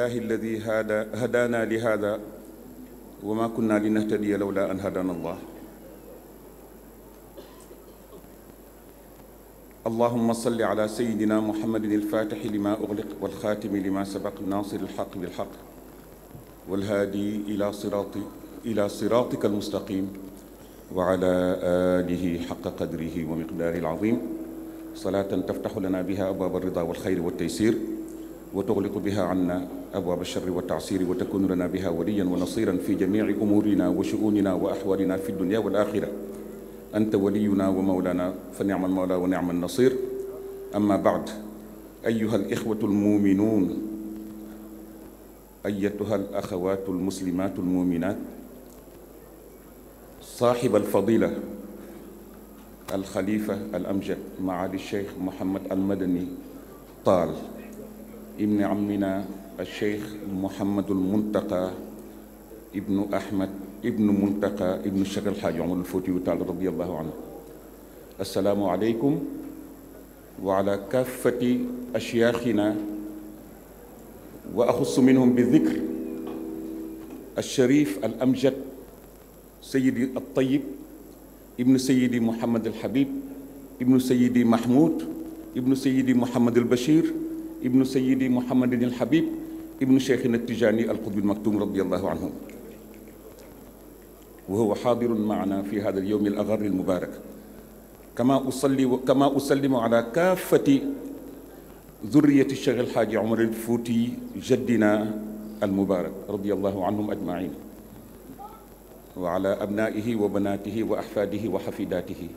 الله الذي هدانا لهذا وما كنا لنهتدي لولا أن هدانا الله اللهم صل على سيدنا محمد الفاتح لما أغلق والخاتم لما سبق ناصر الحق بالحق والهادي إلى صراط إلى صراطك المستقيم وعلى آله حق قدره ومقداره العظيم صلاة تفتح لنا بها أبواب الرضا والخير والتيسير wa tuxliqu biha anna abwaaba alcharri wa taasiri wa takunu lana biha waliyan wa nasiran fi jamici umuurina wa shu'uunina wa axwaalina fi dunya wal axira anta waliyuna wa mawlana fa nicma almawla wa nicma alnasir amma baad ayuha alixwatu almuminuun ayatuha alaxawaatu almuslimaatu almuminaat saaxib alfadila alxalifa alamjad maali cheikh Mohamed Almadani Taal ibni amina alcheikh mohamadul muntaqa ibnu ahmad ibnu muntaqa ibnu cheikh alxaaji omarul fóotiyu taal radiallahu anhu assalaamu aleykum wa ala kaafati ashyaakhina wa axussu minhum bi dikr alsharif al amjad sayidi altayib ibnu sayidi mohamad alhabib ibnu sayidi mahmoud ibnu sayidi mohamad albachir ibnu sayidi mouhamadin al habib ibnu cheikhina tijani al qutbi al maktum radiallahu anhu wa huwa xaadirun maana fi hada al yowm al agar al mubarak kama usalli kama usallimu ala kaafati zurriyati cheikh al xaaji omar al fouti jaddina al mubarak radiallahu anhum ajmain wa ala abnaihi wa banatihi wa ahfadihi wa xafidatihi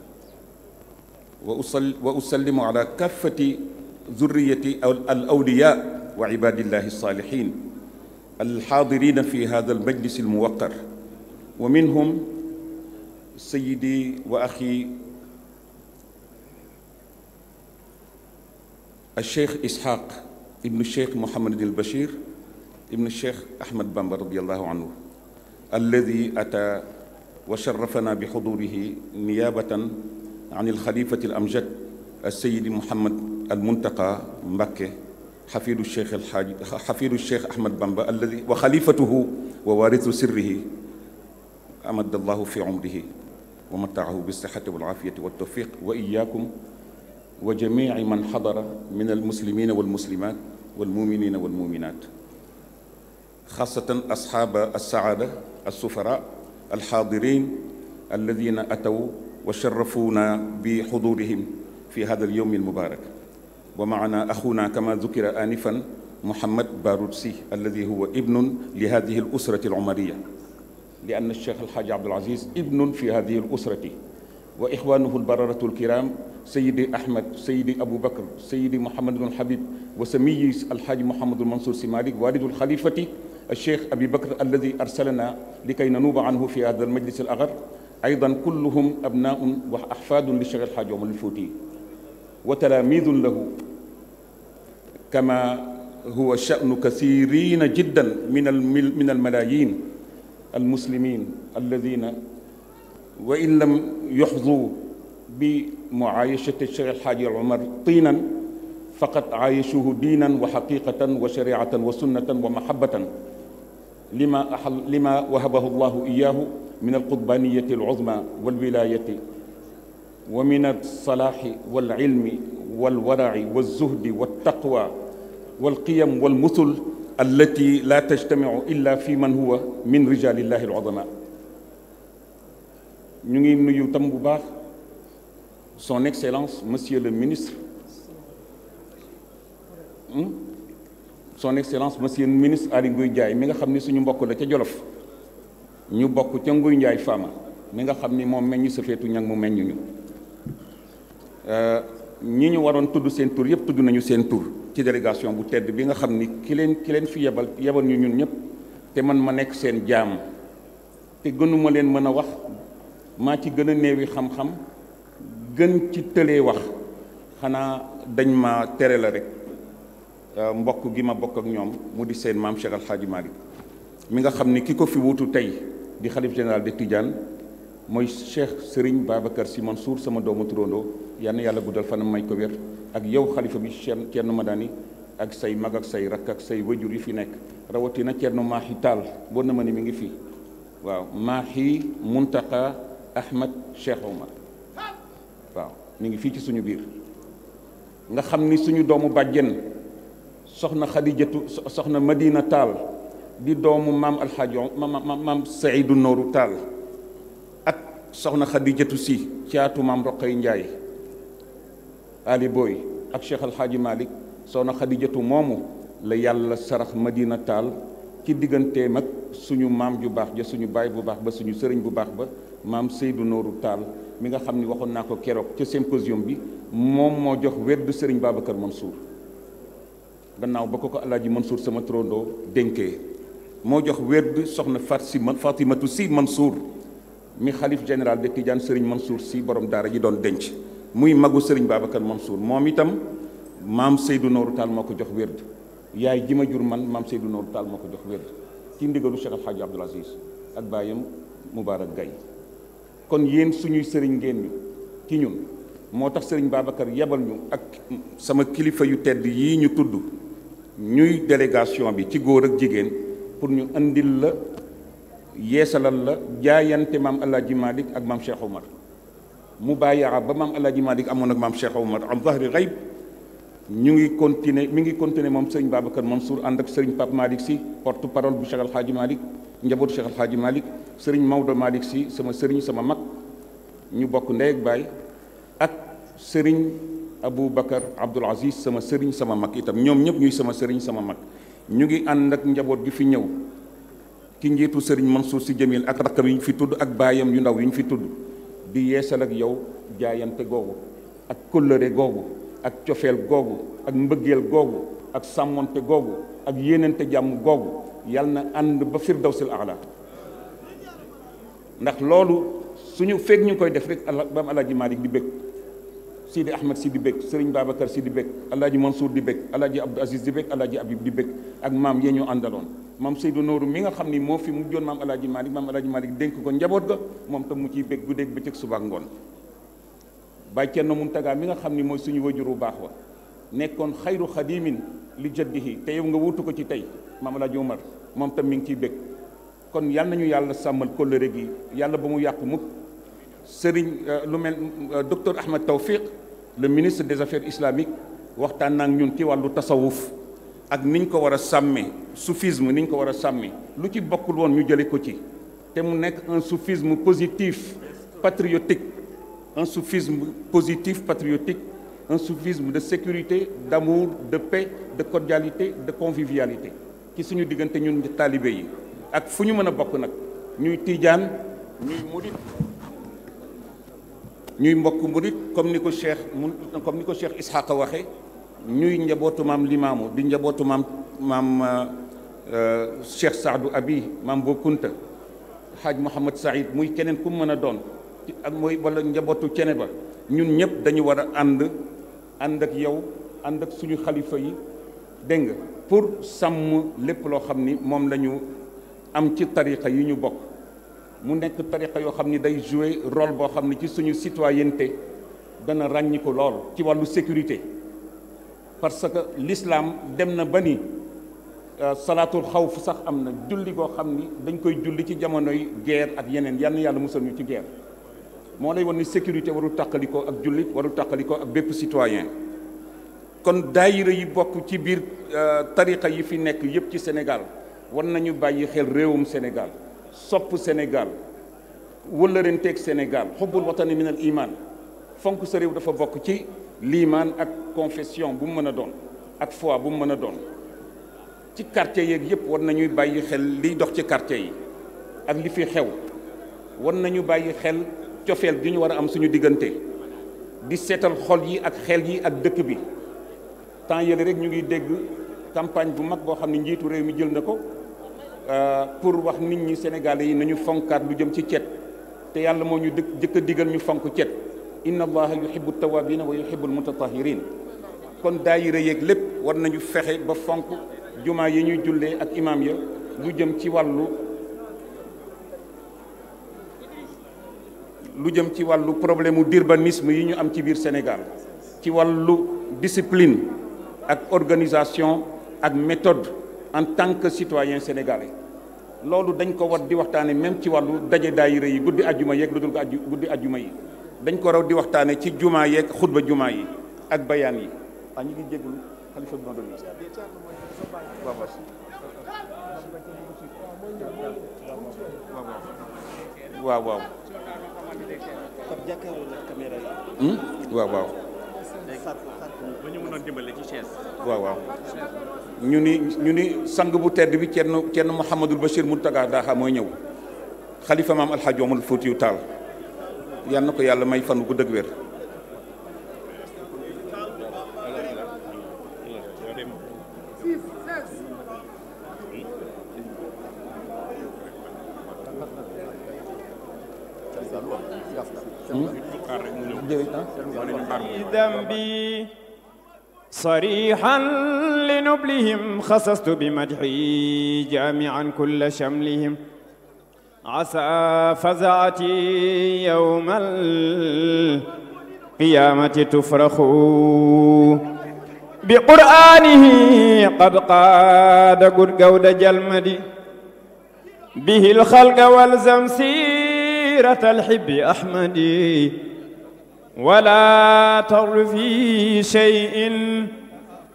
wa usallimu ala kaafati zurriyati al awliya wa ibadillahi alsalihin alxaadirina fi hada almajlis almuwaqar wa minhum sayidi wa axi alcheikh isxaaq ibnu cheikh mohamad albachir ibnu cheikh ahmad bamba radiallahu anhu alladi ata wa sharafana bi xudurihi niyabatan an alxalifati alamjad alsayidi mohamad al muntaqa Mbàkke xafidu cheikh alxaaj xafidu cheikh ahmad bamba alladi wa xalifatuhu wa waarisu sirrihi amadallahu fi umrihi wa mataahu bilsixati walafiyati waltawfiq wa iyakum wa jamici man xadara min almuslimina walmuslimat walmuminina walmuminat xaasatan asxaaba alsaada alsufara alxaadirin alladina ataw wa sharafuuna bi xudurihim fi hada alyowm almubarak wa maana axuna kama dukira anifan muhammad barutsi alladi huwa ibnun li hadihi al usrati al umariya li anna cheikh alxaaji abdul aziz ibnun fi hadihi al usrati wa ixwanuhu al bararatu al kiram sayidi ahmad sayidi abou bakr sayidi mohamadul habib wa samiyi alxaaji mohamadul mansour si malik walidul xalifati الشيخ أبي بكر الذي أرسلنا لكي ننوب عنه في هذا المجلس الأغر أيضا كلهم أبناء وأحفاد للشيخ الحاج عمر الفوتي wa talaamidun lahu kama huwa sha'nu kasiirina jiddan min al min al malaayin al muslimin alladina wa in lam yuxdu bi muaayashati cheikh alxaaji omar tiinan faqad aayashuhu diinan wa xaqiqatan wa shariatan wa sunnatan wa mahabatan lima ahal lima wahabahu allahu iyahu min alqutbaniyati aluzma walwilayati wa min alsalaaxi walilmi walwaraci walzuhdi waltaqwa walqiyam walmusul allati la tajtamicu illa fi man huwa min rijalillahi alazama ñu ngi nuyu tam bu baax son excellence monsieur le ministre hmm? son excellence monsieur le ministre Aly mi nga xam ni suñu mbokk la ca Jolof ñu bokk ca Nguy Ndiaye Fama mi nga xam ni moom meññ sa feetu ñag mu meññuñu ñi ñu waroon tudd seen tur yëpp tudd nañu seen tur ci délégation bu tedd bi nga xam ni ki leen ki leen fi yebal yebal ñu ñun ñëpp te man ma nekk seen jaam te gënuma leen mën a wax maa ci gën a néewi xam-xam gën ci tëlee wax xanaa dañ ma tere la rek euh, mbokk gi ma bokk ak ñoom mu di seen maam Cheikh Al Hadji mi nga xam ni ki ko fi wutu tey di xalif général de Tidiane mooy Cheikh Serigne Babacar Sy Mansour sama doomu turandoo yal yàlla guddal fanam may ko wér ak yow xalifa bi Cheikh Thierno Madani ak say mag ak say rakk ak say wajur yi fi nekk rawatina Thierno Mahi Tall boo na ma ni mi ngi fii waaw Mahi Muntaka Ahmed Cheikh Omar waaw mi ngi fii ci suñu biir nga xam ni suñu doomu bàjjen soxna Xadijatu soxna Madina taal di doomu maam alxaaji maam maam Seydu Nooru taal ak soxna Xadijatu si caatu maam Roqay Njaay Ali Boy ak Cheikh Al Hadji Malick soxna Xadijatu moomu la yàlla sarax Madina Taal ci digganteem ak suñu maam ju baax ja suñu baay bu baax ba suñu sëriñ bu baax ba maam Seydou nooru Taal mi nga xam ni waxoon naa ko keroog ca symposium bi moom moo jox weddu sëriñ Babacar Mansour gannaaw ba ko ko Alaaji Mansour sama trondoo dénkee moo jox weddu soxna Fatima Fatimatu si Mansour mi xalif général de Tidiane sëriñ Mansour si borom daara ji doon denc muy magu Serigne Babacar Mansour moom itam maam Seydou Nourou Tall moo ko jox wérd yaay ji ma jur man maam Seydou Nourou Tall moo ko jox wérd ci ndigalu Cheikh Alhaji Abdoul Aziz ak baayam Moubarak Gaye kon yéen suñuy sëriñ ngeen ñu ci ñun moo tax Serigne Babacar yebal ñu ak sama kilifa yu tedd yi ñu tudd ñuy délégation bi ci góor ak jigéen pour ñu indil la yeesalal la jaayante maam El Hadji Malick ak maam Cheikh Omar mu bàyyaa ba maam El Hadj malik amoon ak maam Cheikh Omar am zahri xayb ñu ngi continuer mi ngi continuer moom sëriñ Babacar Mansour ànd ak sëriñ Pape Malick si porte parole bu Cheikh Al malik njaboot njabootu Cheikh malik Hadj sëriñ Maodo malik si sama sëriñ sama mag ñu bokk ndey ak baay ak sëriñ abu Bakar Abdoul Aziz sama sëriñ sama mag itam ñoom ñëpp ñuy sama sëriñ sama mag ñu ngi ànd ak njaboot gi fi ñëw ki njiitu sëriñ Mansour si Jamil ak rakkam yi ñu fi tudd ak baayam yu ndaw yu ñu fi tudd. di yeesal ak yow jaayante googu ak kóllëre googu ak cofeel googu ak mbëggeel googu ak sàmmoonte googu ak yéenante jàmm googu yal na ànd ba firdawsil aala ndax loolu suñu feeg ñu koy def rek baam alaaji Malick di bëgg Sidi Ahmed si di bëgg Serigne Babacar si di bëgg alaaji Mansour di bëgg alaaji Abdou Aziz di bëgg alaaji Habib di bëgg ak maam ya ñu àndaloon maam Seydou Nourou mi nga xam ni moo fi mu joon maam El Hadj Malick maam El Hadj dénk ko njaboot ga moom tam mu ciy bég guddeeg bëccëg suba ak ngoon Baye Thierno Mountaga mi nga xam ni mooy suñu wajur bu baax wa nekkoon xayru xadimin li jaddihi te yow nga wuutu ko ci tey maam El Hadj Omar moom tam mi ngi ciy bég kon yal nañu yàlla sàmmal kóllëre gi yàlla ba mu yàqu mukk sëriñ euh, lu mel euh, docteur Ahmed Tawfiq le ministre des affaires islamiques waxtaan naa ak ñun ci wàllu tasawuf ak niñ ko war a sàmmee soufisme niñ ko war a sàmmee lu ci bokkul woon ñu jële ko ci te mu nekk un soufisme positif patriotique un suffisme positif patriotique un soufisme de sécurité d'amour de paix de cordialité de convivialité ci suñu diggante ñun taalibe yi ak fu ñu mën a bokk nag ñuy tiijaan ñuy murit ñuy mbokk murit comme ni ko cheikh mu comme ni ko cheikh Ishaqa waxe ñuy njabootu maam limaamu di njabootu maam maam uh, uh, Cheikh Saadu Abi maam Bou Kounta Haaj Mouhamad Saïd muy keneen ku mën a doon ak mooy wala njabootu cene ba ñun ñëpp dañu war a ànd ànd ak yow ànd ak suñu xalifa yi dégg nga pour sàmm lépp loo xam ni moom lañu am ci tariqa yi ñu bokk mu nekk tariqa yoo xam ni day jouer rôle boo xam ni ci suñu citoyenneté dana ràññi ko lool ci wàllu sécurité parce que lislaam dem na ba ni euh, salaatul xaw fu sax am na julli goo xam ni dañ koy julli ci jamonoy guerre ak yeneen yal yàlla musal ñu ci guerre moo lay won ni sécurité warul tàqalikoo ak jullit warul tàqalikoo ak bépp citoyen kon daayira yi bokk ci biir euh, tariqa yi fi nekk yëpp ci Sénégal war nañu bàyyi xel réewum Sénégal sopp Sénégal wëllërenteeg Sénégal xubbul watani min al iman fonk sa réew dafa bokk ci liimaan ak confession bu mu mën a doon ak fois bu mu mën a doon ci quartier yeeg yëpp war nañuy bàyyi xel liy dox ci quartier yi ak li fi xew war nañu bàyyi xel cofeel gi ñu war a am suñu diggante di seetal xol yi ak xel yi ak dëkk bi temps yële rek ñu ngi dégg campagne bu mag boo xam ne njiitu réew mi jël na ko euh, pour wax nit ñi Sénégalais yi nañu fonkaat lu jëm ci cet te yàlla moo ñu dëkk jëkk digal ñu fonk cet inna allaha yuhibbu tawabina wa yuhibbu almutatahirin kon daayira yeeg lépp war nañu fexe ba fonk jumaa yi ñuy jullee ak imaam ya lu jëm ci wàllu lu jëm ci wàllu problème d'urbanisme yi ñu am ci biir Sénégal ci wàllu discipline ak organisation ak métode en tant que citoyen sénégalais loolu dañ ko war di waxtaane même ci wàllu daje daayira yi guddi ajjuma yeeg lu dul ko guddi ajjuma yi dañ ko raw di waxtaane ci jumaa yeeg xutba jumaa yi ak bayaan yi ah, ñu ngi jégalu xalifa bi doon hmm? waaw waaw ñu ni ñu ni sang bu tedd bi kenn kenn Mouhamadul Bachir Mountaga Daha mooy ñëw xalifa maam alxaaj Omar Foutiyou yal na ko yàlla may fan wu gudd ak wér ذنبي صريحا لنبلهم خصصت بمدحي جامعا كل شملهم عسى فزعتي يوم القيامة تفرخ بقرآنه قد قاد قد قود جلمدي به الخلق والزم سيرة الحب أحمدي ولا تر في شيء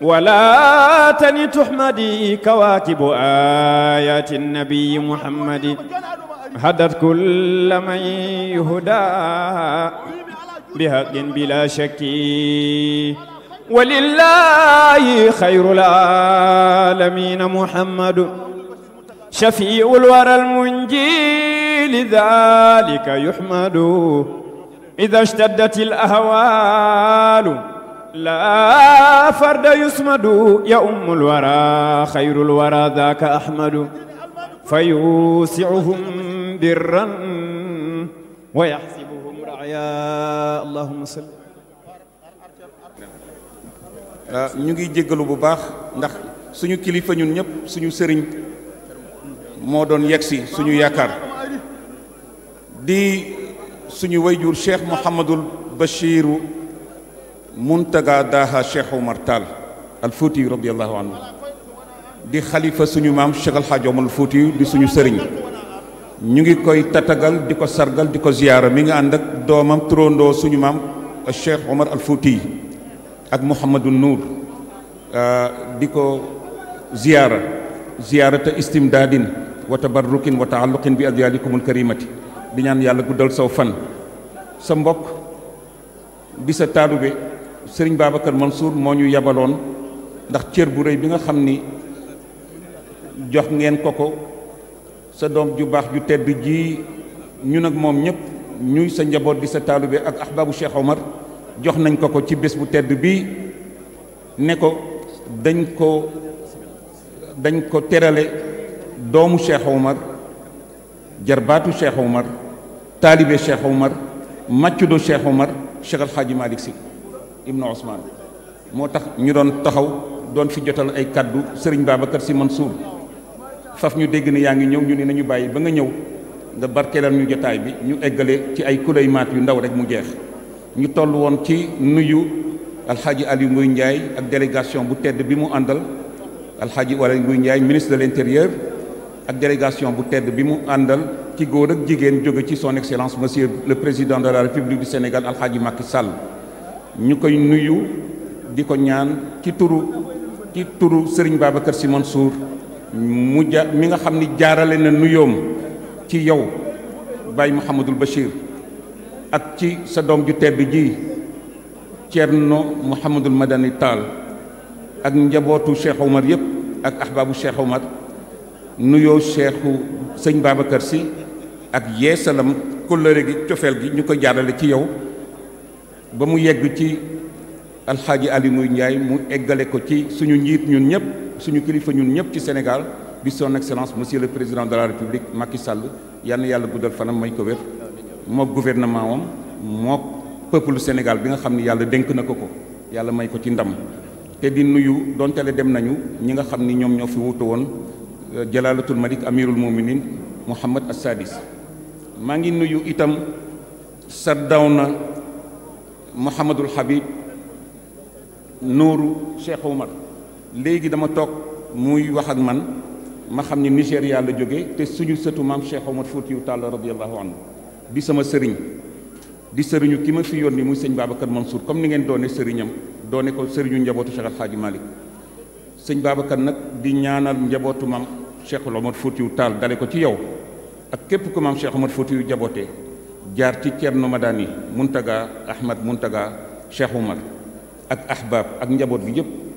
ولا تني تحمدي كواكب آيات النبي محمد هدت كل من يهدى بحق بلا شك ولله خير العالمين محمد شفيع الورى المنجي لذلك يحمد إذا اشتدت الأهوال لا فرد يسمد يا أم الورى خير الورى ذاك أحمد فيوسعهم برا ويحسبهم ñu ngi jéggalu bu baax ndax suñu kilifa ñun ñëpp suñu sëriñ moo doon yegsi suñu yaakaar di suñu wayjur cheikh Mouhamadul Bachiru Muntaga Daha cheikh Omar Tall al Fouti radiyallahu anhu di xalifa suñu maam Cheikh Al Hadj di suñu sëriñ ñu ngi koy tatagal di ko sargal di ko ziyaara mi nga ànd ak doomam turandoo suñu maam eh, Cheikh Omar Al ak Mouhamadou Nour eh, di ko ziyaara ziyaarata istimdaadin wa tabarrukin wa taalluqin bi adyaalikumul karimati di ñaan yàlla guddal saw fan sa mbokk bisa sa taalube sëriñ Babacar Mansour moo ñu yabaloon ndax cër bu rëy bi nga xam ni jox ngeen ko ko sa doom ju baax ju tedd jii ñu nag moom ñëpp ñuy sa njaboot di sa taalibe ak ahbaabu Cheikh Omar jox nañ ko ko ci bés bu tedd bii ne ko dañ ko dañ ko terale doomu Cheikh Omar jarbaatu Cheikh Omar taalibe Cheikh Omar maccudo Cheikh Omar Cheikh Al Hadji Malick Sy ibnu Ousmane moo tax ñu doon taxaw doon fi jotal ay kàddu sëriñ baaba kër si Sy Mansour faf ñu dégg ne yaa ngi ñëw ñu ne nañu bàyyi ba nga ñëw nga barkeelal ñu jotaay bi ñu eggale ci ay kulaymaat yu ndaw rek mu jeex ñu toll woon ci nuyu alxaaji Aliou Nguy Ndiaye ak délégation bu tedd bi mu àndal alxaaji Aliou Nguy njaay ministre de l'intérieur ak délégation bu tedd bi mu àndal ci góor ak jigéen jóge ci son excellence monsieur le président de la république du Sénégal alxaaji Macky Sall ñu koy nuyu di ko ñaan ci turu ci turu Serigne Babacar Sy Mansour mu ja mi nga xam ni jaarale na nuyoom ci yow Baye Mouhamadul Bachir ak ci sa doom ju tedd ji Thierno Mouhamadul Madani Tall ak njabootu Cheikh Omar yëpp ak ahbaabu Cheikh Omar nuyoo Cheikhu sëñ Babacar si ak yeesalam kóllëre gi cofeel gi ñu ko jaarale ci yow ba mu yegg ci alxaaji Ali Njaay mu eggale ko ci suñu njiit ñun ñëpp suñu kilifa ñun ñëpp ci Sénégal bi son excellence monsieur le président de la république Macky Sall yal na yàlla guddal fanam may ko wér moo gouvernement am moo peuple Sénégal bi nga xam ni yàlla dénk na ko ko yàlla may ko ci ndam te di nuyu donte dem nañu ñi nga xam ni ñoom ñoo fi wutu woon euh, jalaalatul malik amirul muminin Mouhamad Assadis maa ngi nuyu itam na Mouhamadul Habib Nuuru Cheikh Omar léegi dama toog muy wax ak man ma xam ni Nigéria la jóge te suñu sëtu maam Cheikh Omar Foutiyou Tall radiyallahu anhu di sama sëriñ di sëriñu ki ma fi yónni muy sëñ Babacar Mansour comme ni ngeen doone sëriñam doone ko sëriñu njabootu Cheikh Al malik sëñ baabakat nag di ñaanal njabootu maam Cheikh Omar Foutiyou Tall dale ko ci yow ak képp ku maam Cheikh Omar Foutiyou jaar ci Thierno Madani Muntaga Ahmad Muntaga Cheikh Omar ak ahbab ak njaboot bi yëpp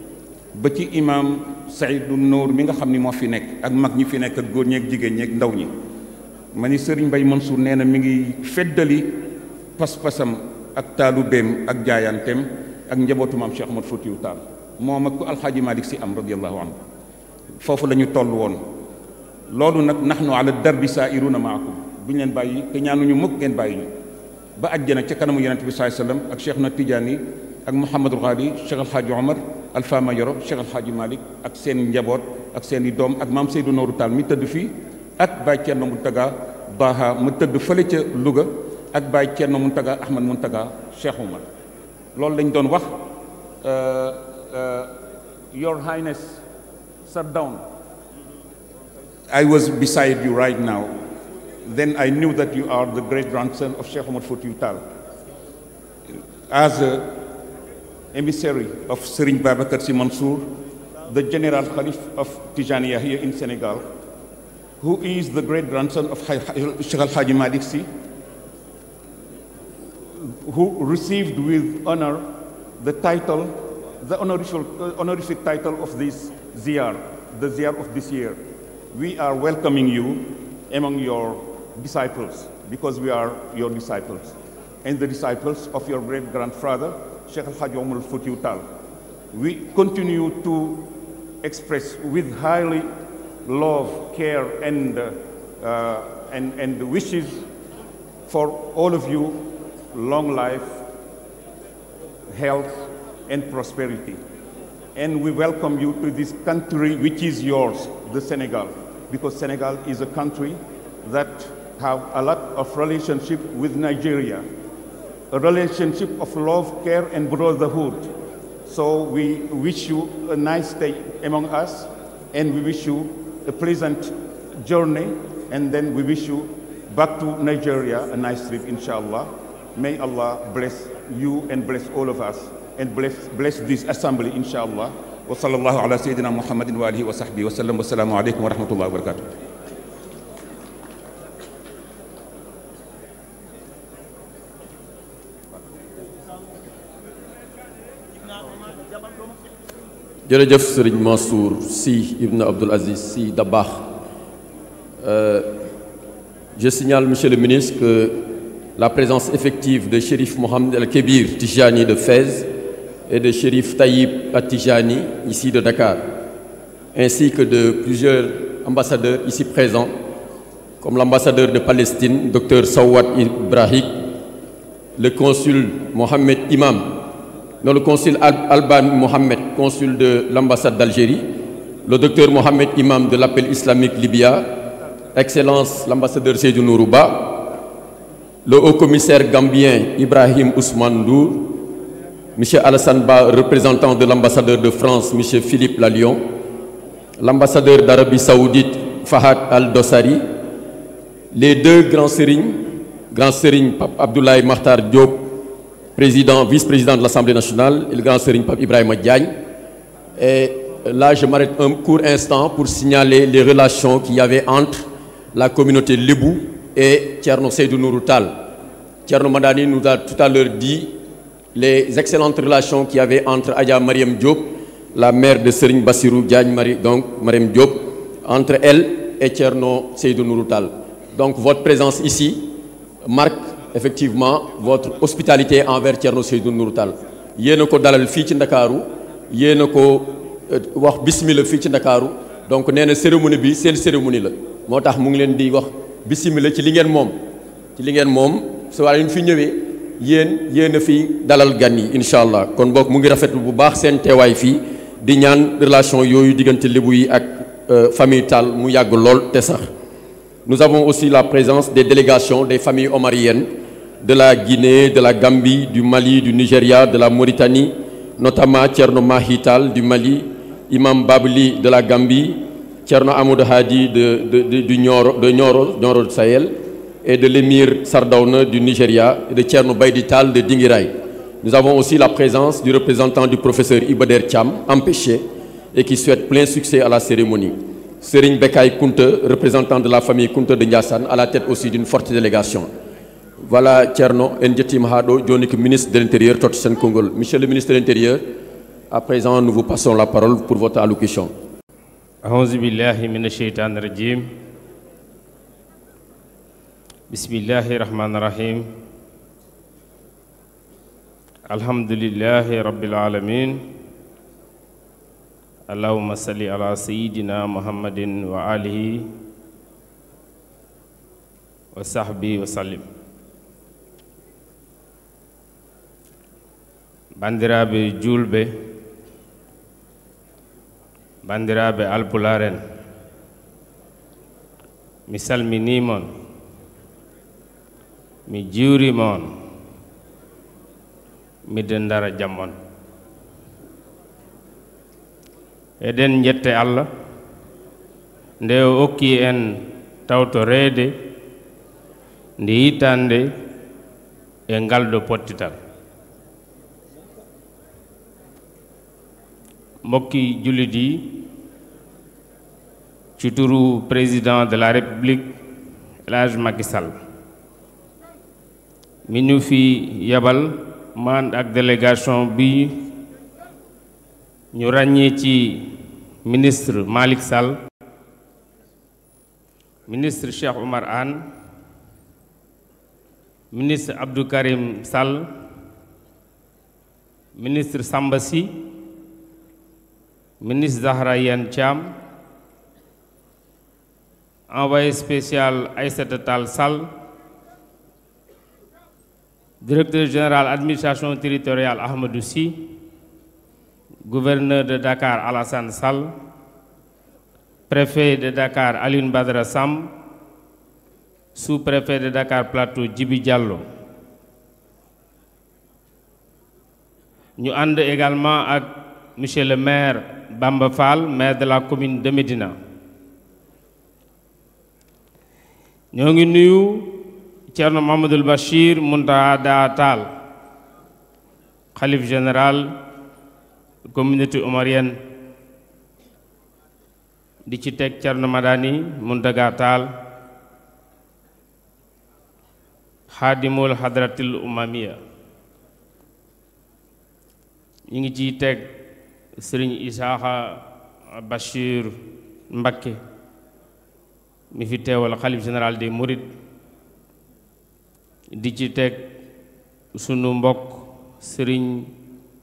ba ci imaam Seydou Nour mi nga xam ni moo fi nekk ak mag ñi fi nekk ak góor ñeeg jigéen ñeeg ndaw ñi mani ni sëriñ Bay Mansour nee na mi ngi feddali pas-pasam ak taalubeem ak jaayanteem ak njabootu maam Cheikh Ahmad Foutiou Tall moom ak ku alxaaji Malick si am radiallahu anhu foofu lañu ñu toll woon loolu nag nahnu ala darbi saairuna maakum duñ leen bàyyi te ñu mukk ngeen bàyyi ñu ba àjjana ca kanamu yonent bi saai sallam ak Cheikh na Tidiane ak Mouhamadul Ghali Cheikh Alpha Mayoro Cheikh El Hadji ak seen njaboot ak seen doom ak maam Seydou nooru Tall mi tëdd fii ak Baye Thierno Mountaga Baha mu tëdd fële ca Louga ak Baye Thierno Mountaga Ahmad Mountaga Cheikh Oumar loolu lañ doon wax euh, euh, Your Highness sat down I was beside you right now then I knew that you are the great grandson of Cheikh Omar Foutiyou Tall as emissary of Serigne Babakar Si Mansour, the General Khalif of Tijaniya here in Senegal, who is the great grandson of Sheikh Al Haji Malik Si, who received with honor the honorific, title of this ziyar, the ziyar of this year. We are welcoming you among your disciples because we are your disciples and the disciples of your great grandfather Sheikh Al-Hajj Omar Foutiou Tal. We continue to express with highly love, care, and, uh, and, and wishes for all of you long life, health, and prosperity. And we welcome you to this country which is yours, the Senegal, because Senegal is a country that have a lot of relationship with Nigeria. a relationship of love, care, and brotherhood. So we wish you a nice stay among us, and we wish you a pleasant journey, and then we wish you back to Nigeria a nice trip, inshallah. May Allah bless you and bless all of us, and bless, bless this assembly, inshallah. وصلى الله على سيدنا محمد وآله وصحبه وسلم والسلام عليكم ورحمة الله وبركاته jërëjëf sëriñ Mansour Sy Ibn Abdoul Aziz Sy Dabakh euh, je signale monsieur le ministre que la présence effective de Chérif Mohamed El Kébir Tijani de Fès et de Chérif Taïb Atijani ici de Dakar ainsi que de plusieurs ambassadeurs ici présents comme l'ambassadeur de Palestine docteur Sawad Ibrahim le consul Mohamed Imam le consul Alban Mohamed, consul de l'ambassade d'Algérie, le docteur Mohamed Imam de l'appel islamique Libya, Excellence l'ambassadeur Seydou Nourouba, le haut-commissaire gambien Ibrahim Ousmane Dour, M. Alassane Ba, représentant de l'ambassadeur de France, M. Philippe Lalion, l'ambassadeur d'Arabie Saoudite Fahad Al-Dossari, les deux grands sérignes, grand sérigne Abdoulaye Martar Diop président, vice-président de l'Assemblée nationale, et le grand Serigne Pape Ibrahima Diagne. Et euh, là, je m'arrête un court instant pour signaler les relations qu'il y avait entre la communauté lébou et Thierno Seydou Nourou Tall. Thierno Madani nous a tout à l'heure dit les excellentes relations qu'il y avait entre Adja Mariam Diop, la mère de Serigne Bassirou Diagne Marie, donc Mariam Diop, entre elle et Thierno Seydou Nourou Donc votre présence ici effectivement votre hospitalité envers Thierno Seydou Nourou Tall yéen a ko dalal fii ci Ndakaaru yéen a ko euh, wax bismillah fii ci Ndakaaru donc nee na cérémonie bi seen cérémonie la moo tax mu ngi leen di wax bismillah ci li ngeen moom ci li ngeen moom su waaye ñu fi ñëwee yéen yéen a fi dalal gan yi incha allah kon boog mu ngi rafetlu bu baax seen teewaay fii di ñaan relation yooyu diggante Lebu yi ak euh, famille Tall mu yàgg lool te sax nous avons aussi la présence des délégations des familles omariennes de la Guinée, de la Gambie, du Mali, du Nigeria, de la Mauritanie, notamment Tcherno Mahital du Mali, Imam Babli de la Gambie, Tcherno Amoud Hadi de, de, de, du Nyoro, de Nyoro, Nyoro Sahel, et de l'émir Sardaune du Nigeria, et de Tcherno Baydital de Dingirai. Nous avons aussi la présence du représentant du professeur Ibader Cham, empêché, et qui souhaite plein succès à la cérémonie. Serigne Bekay Kunte, représentant de la famille Kunte de Nyassan, à la tête aussi d'une forte délégation. voilà ceerno en jettima ha ɗo joni ministre de l' intérieur tottosen konngol le ministre de à présent nous vous passons la parole pour votre allocution ahousubillahi min alcheytan irajim bismillahi irahmani irahim alhamdulillahi rabbil alamin allahuma salli ala sayidina wa alihi wa sahbi wa sallim bandiraɓe julɓe bandiraɓe alpularen mi salminimon mi juurima on miɗen dara jam on eɗen jette allah nde o okki en tawtoreede nde yitande e ngal pottital mbokki jullit yi ci turu président de la république El Hadj Macky Sall mi ñu fi yabal man ak délégation bi ñu ràññee ci ministre Malick Sall ministre Cheikh Oumar Anne ministre Abdou Karim Sall ministre Samba si ministre Zahra Iyane Thiam envoyé spécial Aïssata Tall Sall directeur général administration territoriale Ahmadou Sy gouverneur de Dakar Alassane Sall préfet de Dakar Alioune Badara Sam sous-préfet de Dakar Plateau jibi Diallo ñu ànd également ak monsieur le maire Bamba Fall maire de la commune de Médina ñoo ngi nuyu Thierno Mamadou Bachir Mountada Tall xalif général communauté omarienne di ci teg Thierno Madani Mountaga Tall xaadimul hadratil umamiya ñu ngi ciy teg sëriñ Isaaxa Bachir Mbakke mi fi teewal xalif général de Mourides di ci teg sunu mbokk sëriñ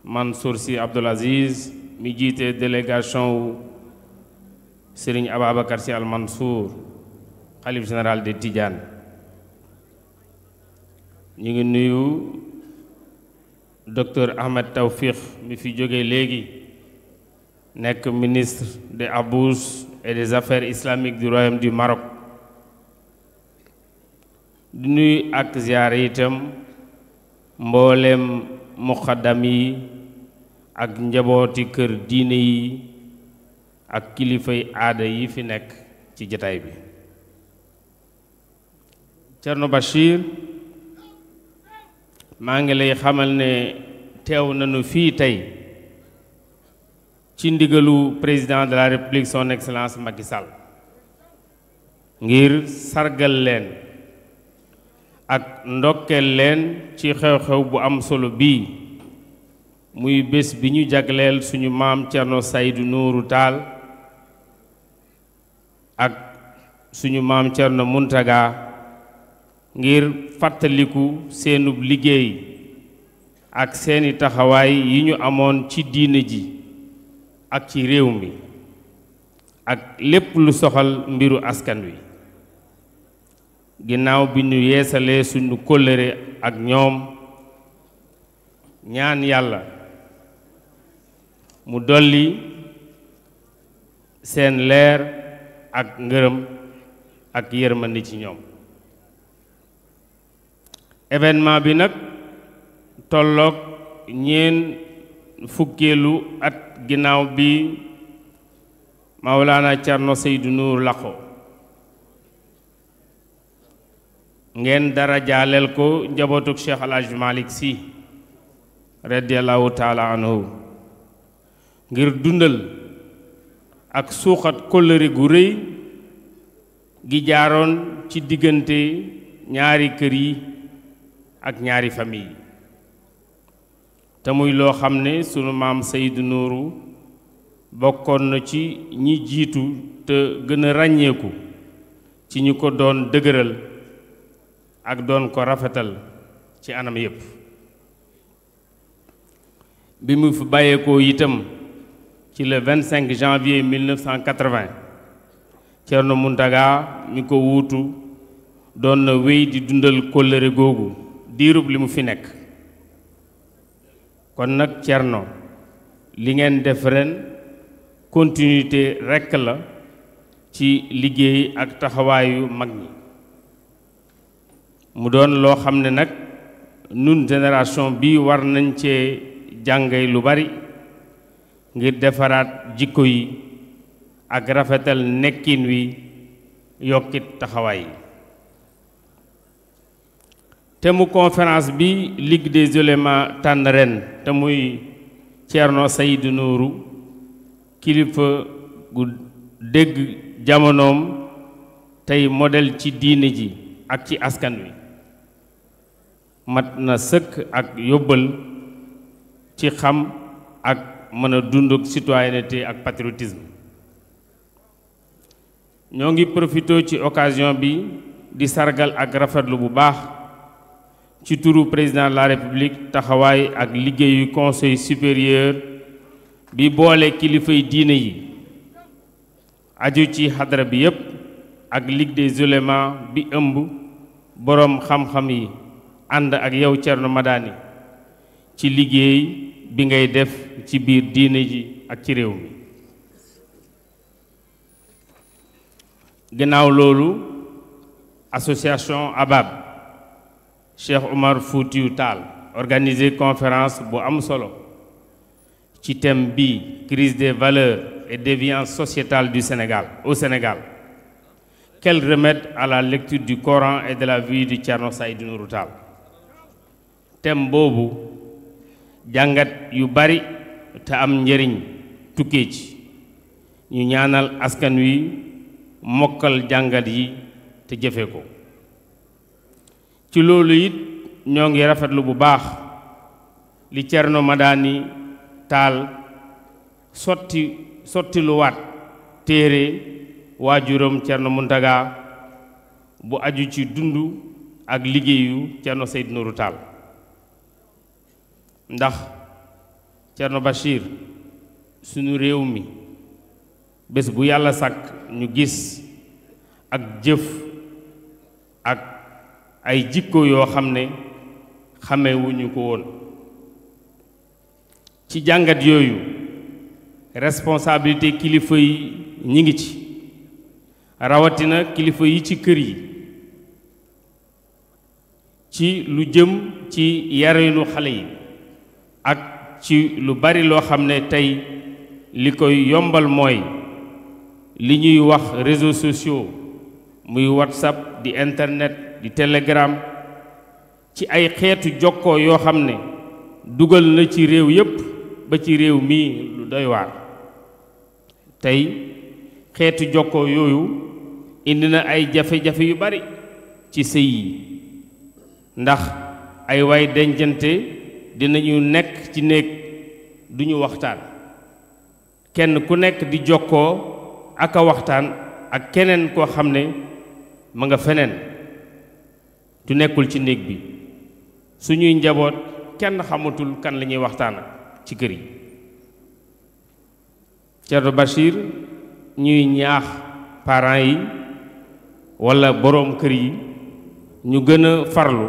Mansour Sy Abdoul Aziz mi jiite délégation wu sëriñ Ababacar Sy Al Mansour xalif général de Tidiane ñu ngi nuyu docteur Ahmed Tawfiq mi fi jóge léegi nekk ministre de Abous et des affaires islamiques du royaume du Maroc di nuyu ak ziyaar itam mbooleem muqaddam yi ak njabooti kër diine yi ak kilifay aada yi fi nekk ci jataay bi Cerno Bachir maa ngi lay xamal ne teew nañu fii tey ci ndigalu président de la république son excellence Macky ngir sargal leen ak ndokkeel leen ci xew-xew bu am solo bii muy bés bi ñu jagleel suñu maam Thierno Seydou Nourou Tall ak suñu maam Thierno Mountaga ngir fàttaliku seenub liggéey ak seeni taxawaay yi ñu amoon ci diine ji ak ci réew mi ak lépp lu soxal mbiru askan wi ginnaaw bi ñu yeesalee suñu kóllëre ak ñoom ñaan yàlla mu dolli seen leer ak ngërëm ak yërmandi ci ñoom événement bi nag tolloog ñeen fukkeelu at ginnaaw bi Maulana Thierno Seydou Nour laxo ngeen dara jaaleel ko njabootug Cheikh El Hadj Malick Sy radiyallahu taala anhu ngir dundal ak suuxat kóllëre gu rëy gi jaaroon ci diggante ñaari kër yi ak ñaari famille te muy loo xam ne sunu maam Seydou Nourou bokkoon na ci ñi jiitu te gën a ràññeeku ci ñu ko doon dëgëral ak doon ko rafetal ci anam yépp bi mu fi bàyyeekoo itam ci le 25 janvier 1980 mu Mountaga mi ko wuutu doon na wéy di dundal kóllëre googu diirub li mu fi nekk kon nag Cerno li ngeen def ren continuité rekk la ci liggéey ak taxawaayu mag ñi mu doon loo xam ne nag nun génération bi war nañ cee jàngay lu bari ngir defaraat jikko yi ak rafetal nekkin wi yokkit taxawaay yi te mu conférence bi Ligue de ulémas tànn ren te muy Thierno Seydou Nourou kilifa gu dégg jamonoom tey model ci diine ji ak ci askan wi mat na sëkk ak yóbbal ci xam ak mën dund ak citoyenneté ak patriotisme ñoo ngi profité ci occasion bi di sargal ak rafetlu bu baax ci turu président de la république taxawaay ak liggéeyu conseil supérieur bi boole kilifay diine yi aju ci xadara bi yépp ak ligue des ulémas bi ëmb boroom xam-xam yi ànd ak yow Thierno Madani ci liggéey bi ngay def ci biir diine ji ak ci réew mi gannaaw loolu association ABAB Cheikh Omar Foutiou Tall organisé conférence bu am solo ci tem bi crise des valeurs et déviance sociétale du Sénégal au Sénégal quel remède à la lecture du Coran et de la vie de Thierno Saïdou Nourou Tall thème boobu jàngat yu bari te am njëriñ tukkee ci ñu ñaanal askan wi mokkal jàngat yi te jëfe ko ci loolu it ñoo ngi rafetlu bu baax li Cerno Madani Taal sotti sotti lu waat téere waajuram Cerno Muntaga bu aju ci dund ak liggéeyu Cerno Seyd Nuuru Taal ndax Cerno Bachir sunu réew mi bés bu yàlla sàkk ñu gis ak jëf ak ay jikko yoo xam ne xàmmewuñu ko woon ci jàngat yooyu responsabilité kilifa yi ñi ngi ci rawatina kilifa yi ci kër yi ci lu jëm ci yarinu xale yi ak ci lu bari loo xam ne tey li koy yombal mooy li ñuy wax réseaux sociaux muy whatsapp di internet di telegram ci ay xeetu jokkoo yoo xam ne dugal na ci réew yépp ba ci réew mii lu doy waar tey xeetu jokkoo yooyu indi na ay jafe-jafe yu bari ci sëy ndax ay waay dencante dinañu nekk ci néeg duñu waxtaan kenn ku nekk di jokkoo ak a waxtaan ak keneen koo xam ne ma nga feneen du nekkul ci néeg bi suñuy njaboot kenn xamatul kan la ñuy waxtaan ci kër yi Thierno bashir ñuy ñaax parents yi walla boroom kër yi ñu gën a farlu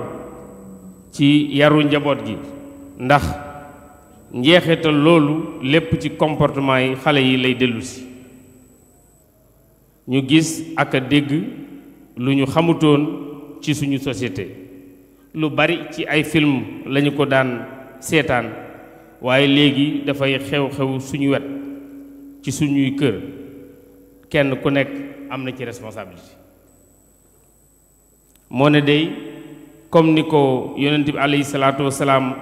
ci yaru njaboot gi ndax njeexital loolu lépp ci comportement yi xale yi lay dellusi ñu gis ak a dégg lu ñu xamutoon ci suñu société lu bari ci ay film lañu ko daan seetaan waaye léegi dafay xew-xew suñu wet ci suñuy kër kenn ku nekk am na ci responsabilité moo ne day comme ni ko yonent bi alayhi salaatu wasalaam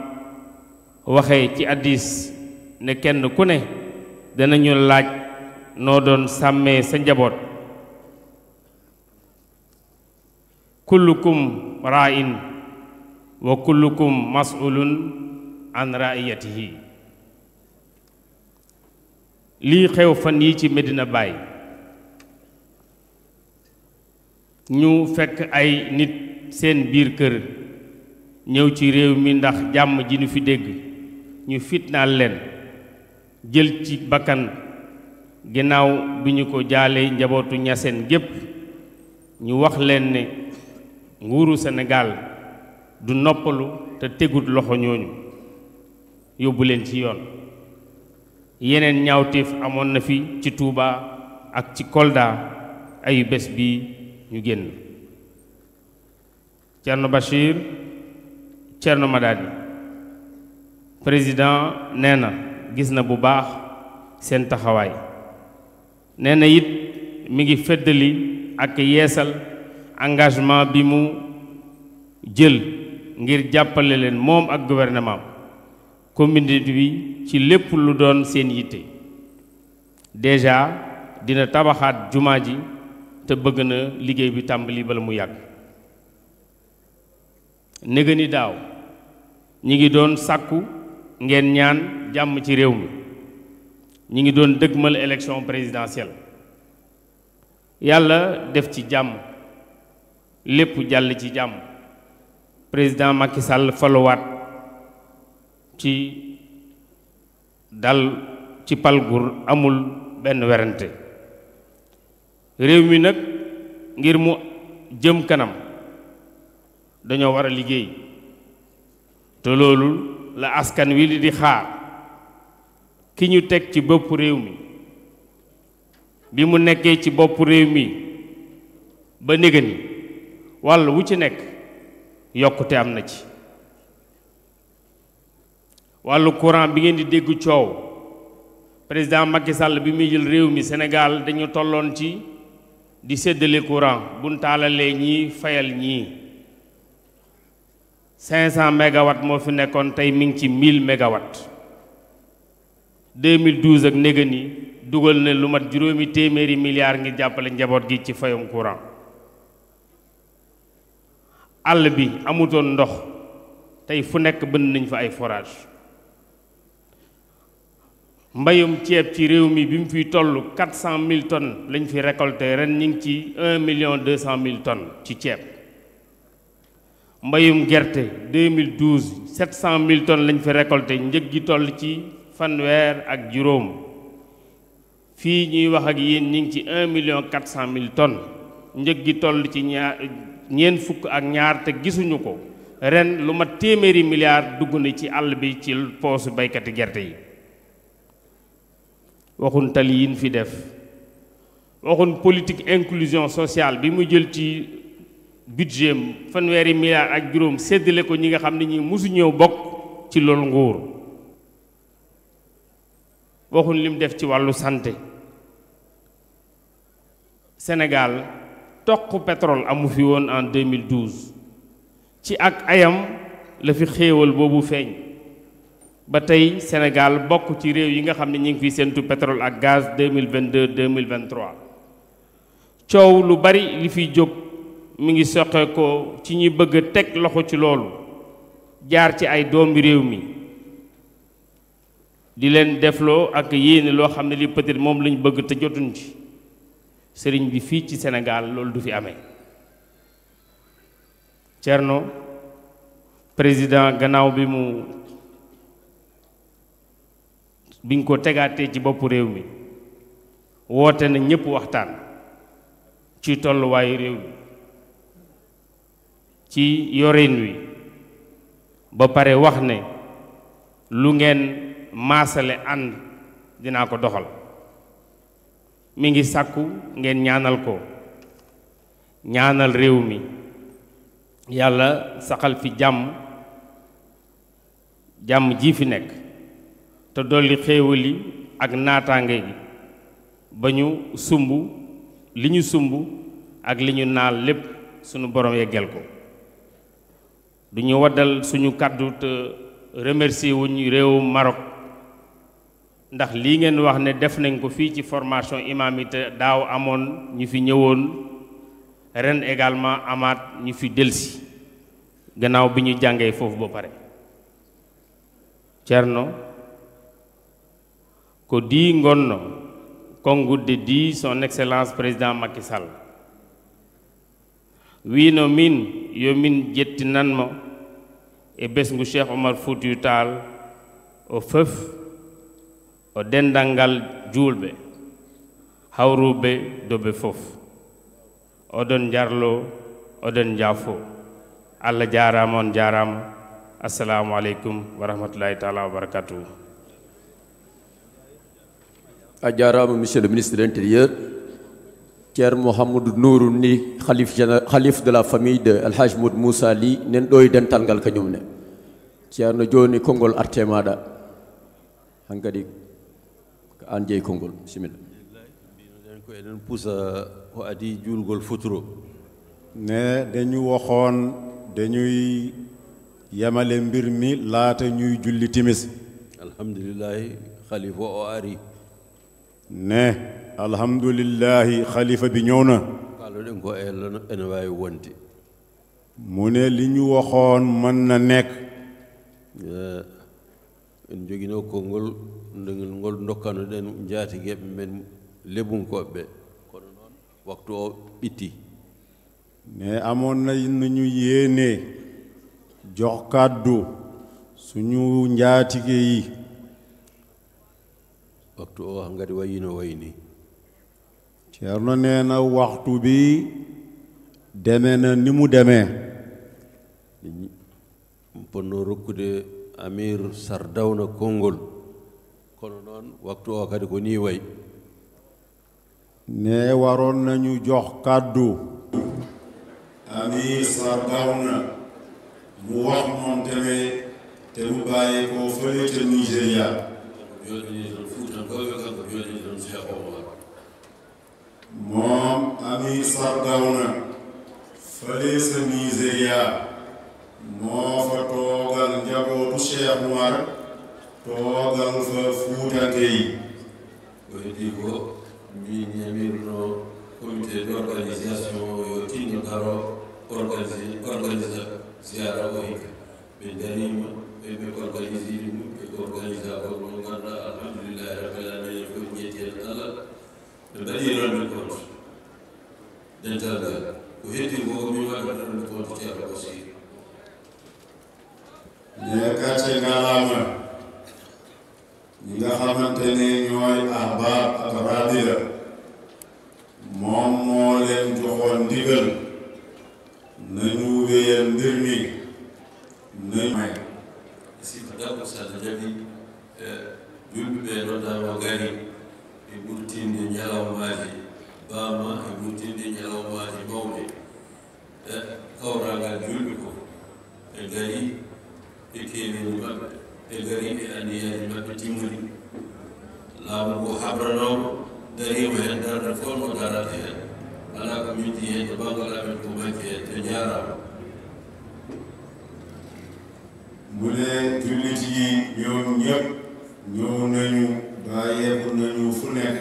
waxee ci addis ne kenn ku ne danañu laaj noo doon sàmmee sa njaboot kullukum ra'in wa kullukum mas'ulun an ra'iyatihi lii xew fan yi ci Medina Baye ñu fekk ay nit seen biir kër ñëw ci réew mi ndax jàmm ji ñu fi dégg ñu fitnaal leen jël ci bakkan ginnaaw bi ñu ko jaalee njabootu ñaseen gépp ñu wax ne nguuru senegaal du noppalu te tegut loxo ñooñu yóbbuleen ci yoon yeneen ñaawteef amoon na fi ci Touba ak ci Kolda ayu bés bi ñu génn Thierno Bachir Thierno Madani président nee na gis na bu baax seen taxawaay nee na it ngi feddali ak yeesal engagement bi mu jël ngir jàppale leen moom ak gouvernement communauté bi ci lépp lu doon seen yitte déjà dina tabaxaat jumaa ji te bëgg na liggéey bi tàmbali bala mu yàgg néga ni daaw ñi ngi doon sàkku ngeen ñaan jàmm ci réew mi ñi ngi doon dëggmal élection présidentielle yàlla def ci jàmm lépp jàll ci jàmm président Macky Sall faluwaat ci dal ci palgur amul benn werante réew mi nag ngir mu jëm kanam dañoo war a liggéey te loolu la askan wi li di xaar ki ñu teg ci bopp réew mi bi mu nekkee ci bopp réew mi ba négani wàll wu ci nekk yokkute am na ci wàllu courant bi ngeen di dégg coow président Macky sàll bi muy jël réew mi Sénégal dañu tolloon ci di séddale courant buñ taalalee ñi fayal ñii cinq cent mégawatt moo fi nekkoon tey mi ngi ci mille mégawatt 2012 ak néga ni dugal na lu mat juróomi téeméeri milliards ngir jàppale njaboot gi ci fayum courant àll bi amutoon ndox tey fu nekk bënn nañ fa ay forage mbayum ceeb ci réew mi bi mu fi toll quatre cent mille tonnes lañ fi récolté ren ñu ngi ci un million deux cent mille tonnes ci ceeb mbayum gerte 2012 700 000 tonnes lañ fi récolté njëg gi toll ci fanweer ak juróom fii ñuy wax ak yéen ñu ngi ci 1 million 400 000 tonnes njëg gi toll ci ñaar ñeent fukk ak ñaar te gisuñu ko ren lu ma téeméeri milliard dugg na ci àll bi ci poosu baykati gerte yi waxun tali yin fi def waxun politique inclusion sociale bi mu jël ci budget fanweeri milliard ak juróom séddale ko ñi nga xam ne ñi mosu ñëw bokk ci loolu nguur waxun lim def ci wàllu santé Sénégal toq pétrole amu fi woon en 2012 ci ak ayam la fi xéewal boobu feeñ ba tey Sénégal bokk ci réew yi nga xam ne ñu ngi fiy séentu pétrole ak gaz 2022 2023 coow lu bari li fi jóg mu ngi soxe ko ci ñuy bëgg teg loxo ci loolu jaar ci ay doom réew mi di leen defloo ak yéene loo xam ne li peut-être moom lañ bëgg te jotuñ ci sëriñ bi fii ci senegaal loolu du fi amee cerno président gannaaw bi mu biñ ko tegaatee ci boppu réew mi woote na ñépp waxtaan ci tolluwaayu réew mi ci yorin wi ba pare wax ne lu ngeen maasale ànd dinaa ko doxal mi ngi sàkku ngeen ñaanal ko ñaanal réew mi yàlla saxal fi jàmm jàmm ji fi nekk te dolli xéewali ak naataange bi ba ñu sumb li ñu sumb ak li ñu naal lépp sunu borom yeggel ko du ñu waddal suñu kàddu te remercier wuñ réewum Maroc ndax lii ngeen wax ne def nañ ko fii ci formation imaam daaw amoon ñu fi ñëwoon ren également amaat ñu fi delsi gannaaw bi ñu jàngee foofu ba pare ceerno ko di ngonno kongudde di son excellence président Macky Sall wiino min yo min jettinanmo e besngu Cheikh Omar yu taal o fof o denndal ngal juulɓe hawruɓe dobe fof oɗon jarlo oɗon jaafo allah jarama on jarama assalamu aleykum wa rahmatullahi wa barakatuhu a jarama monsieur le ministre de ceer mouhamadou nouru ni khalif de la famille de alhaj mod moussa ly nen ɗo e dental ngal kañum ne ceerno joni konngol arte maɗa an jey konngol similla mbinoɗen ko enen pusa ko adi juulgol fotoro ne dañu waxoon dañuy yamale mbir mi laata ñuy julli timis alhamdulillahi xalifa o ari ne alhamdulillahi xalifa bi ñëw na kaaloɗen ko ene mu ne li ñu waxoon mën na nekk eh, en joginoo ɗogel ngol dokkano ɗen jaatigeɓe men lebunkoɓe ɓe kono noon waktu o ɓitti ne amoon na nañu yéenee jox kàddu suñu njaatige yi waktu o ngadi wayino wayni ceerno nee na waxtu bi deme na ni mu demee ponno rokkude amir sardawna konngol kono noon waktu o kadi ko nii wayi ne waroon nañu jox kàddu ami Sardauna mu wax moom tamit te mu bàyyi ko fële ca Nigéria jooniitan fuutankooɓe kanko jooniitan Cheikh fële sa Nigéria moo fa toogal njabootu Cheikh Omar toogal fa fuutante yi koy di ko mbi ñamirno comité d' organisation yo tinni daro organise organise ziara o hikka ɓe darima ɓeɓe organise ɗi mum ɓe organise ko no ganduɗa alhamdulillahi rabbil alamin ko jetti en allah ɓe mbaɗi rende compte dental ngal ko heddi ko min waɗa rende compte ceerno bosir ne karte ngalama ñi nga xamante ne ñooy ahbaab ak raadila moom moo leen joxoon ndigal nañu wéyal mbir mi nañu may si daggu sata jadi julɓe eh, ɓe noddama gari e ɓurtinde ñalawmaji baama e ɓurtinde ñalawmaji mawde eh, kawragal julɓe ko ɓe eh, gari e keeleni maɓɓe لجريم الأنية المبتمون لامو حبرنو دريم هن در فوق دارات هن على كميتي هن بانغلا من كومك هن تجارة mune jullit yi ñoom ñëpp ñëw nañu bàyyeeku nañu fu nekk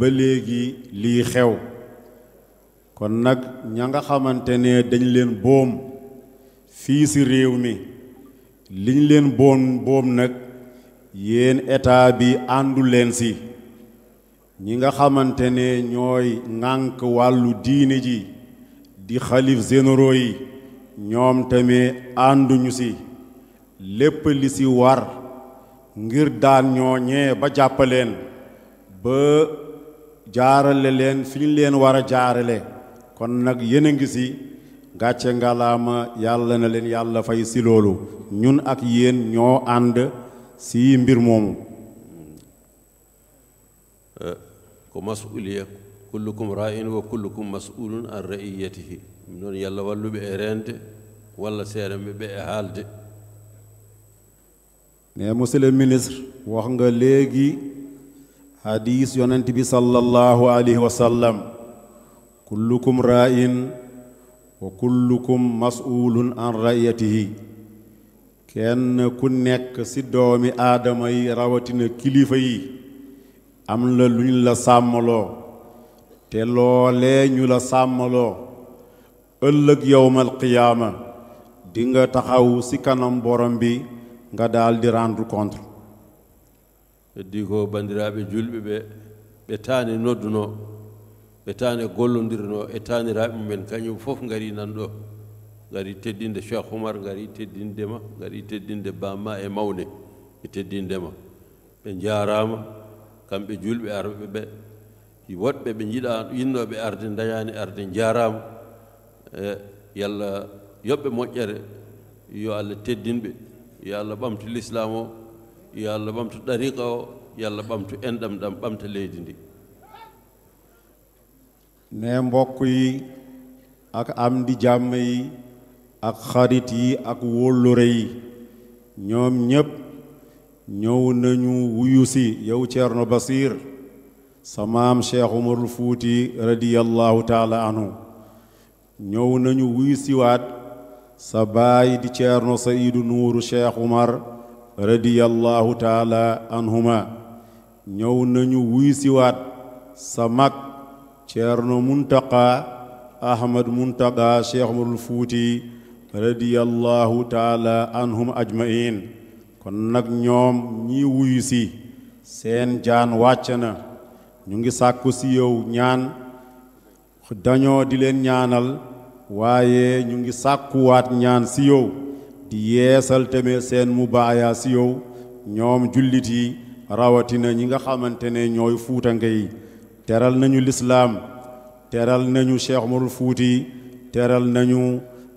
ba léegi lii xew kon nag ña nga xamante ne dañ leen boom fii ci réew mi liñ leen boom boom nag yeen état bi àndu leen ci ñi nga xamante ne ñooy ŋànk wàllu diine ji di xalif généraux yi ñoom tamit ànduñu ci lépp li ci war ngir daan ñooñee ba jàppaleen ba jaarale leen fi ñu leen war a jaarale kon nag yéen a ngi si gàcce ngalaama yàlla na leen yàlla fay si loolu ñun ak yéen ñoo ànd si mbir moomu ko masuuliya kullukum ra'in wa kullukum mas'ulun an ra'iyatihi ɗum noon yalla walluɓe e rende walla seeranɓe ɓe e haalde ne monsieur le ministre wax nga léegi hadiis yonent bi sallallahu alayhi wa sallam kullukum ra'in wa kullukum mas'ulun an ra'iyatihi kenn ku nekk ci doomi aadama yi rawatina kilifa yi am la lu la sàmmaloo te loolee ñu la sàmmaloo ëllëg yowmal qiyaama di nga taxaw ci kanam borom bi nga daldi di rendre heddi ko banndiraaɓe julɓe ɓe ɓe taani ɓe taani gollondirnoo e taaniraaɓe mumen kañum fof ngarii nan ɗo ngari teddinde cheikh oumar ngari teddindema ngari teddinde bamma e mawne e teddindema ɓe njaaraama kamɓe julɓe arɓe ɓe woɗɓe ɓe njiɗa yinnooɓe arde dañaani arde njaaraama e yoɓɓe moƴƴere yo allah teddinɓe yo allah ɓamtu l'islam yàlla allah ɓamtu ɗariqa o yo allah ɓamtu enɗam ɗam ɓamta leydi ndi ne mbokk yi ak am di jàmm yi ak xarit yi ak wóllure yi ñoom ñépp ñëw nañu wuyu si yow Ceerno Basiir sa maam Cheikh Umarul Fuuti radiyallahu taala anhu ñëw nañu wuyu siwaat sa baay di Ceerno Saydu Nuuru Cheikh Umar radiyallahu taala anhuma ñëw nañu wuy siwaat sa mag ceerno muntaqa ahmad muntaqa cheikh amadul fuuti radiyallahu taala anhum ajmain kon nag ñoom ñi wuyu si seen jaan wàcce na ñu ngi sàkku ci yow ñaan dañoo di leen ñaanal waaye ñu ngi sàkkuwaat ñaan ci yow di yeesal tamit seen mubaaya si yow ñoom jullit yi rawatina ñi nga xamante ne ñooy fuutanke yi teral nañu lislaam teral nañu cheikh marul fuuti teral nañu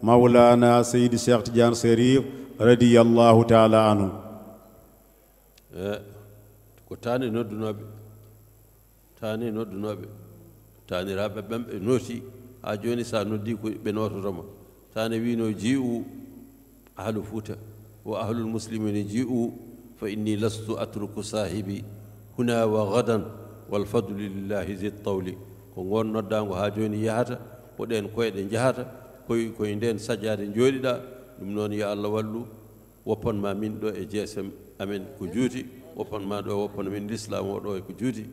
mawlaana seydi cheikh tidiane sérif radiyallahu taala anhu eh, ko taani noddunoɓe taani noddunoɓe taaniraɓe ɓen ɓe nooti ha joni sa noddi ko ɓe nototoma taani wino jiiwu ahlu fuuta wa ahlul muslimina ji'u fa inni lastu atruku saahibi huna wa gadan walfadlu lillahi zi tawli ko ngon noddago ha joni yahata oɗen koyɗe jahata koye koye nden saƴade jooɗiɗa ɗum noon yo allah wallu woppanma min ɗo e jeesam amen ko juuti woppanma ɗo e woppana min l'islam o ɗo e ko juuti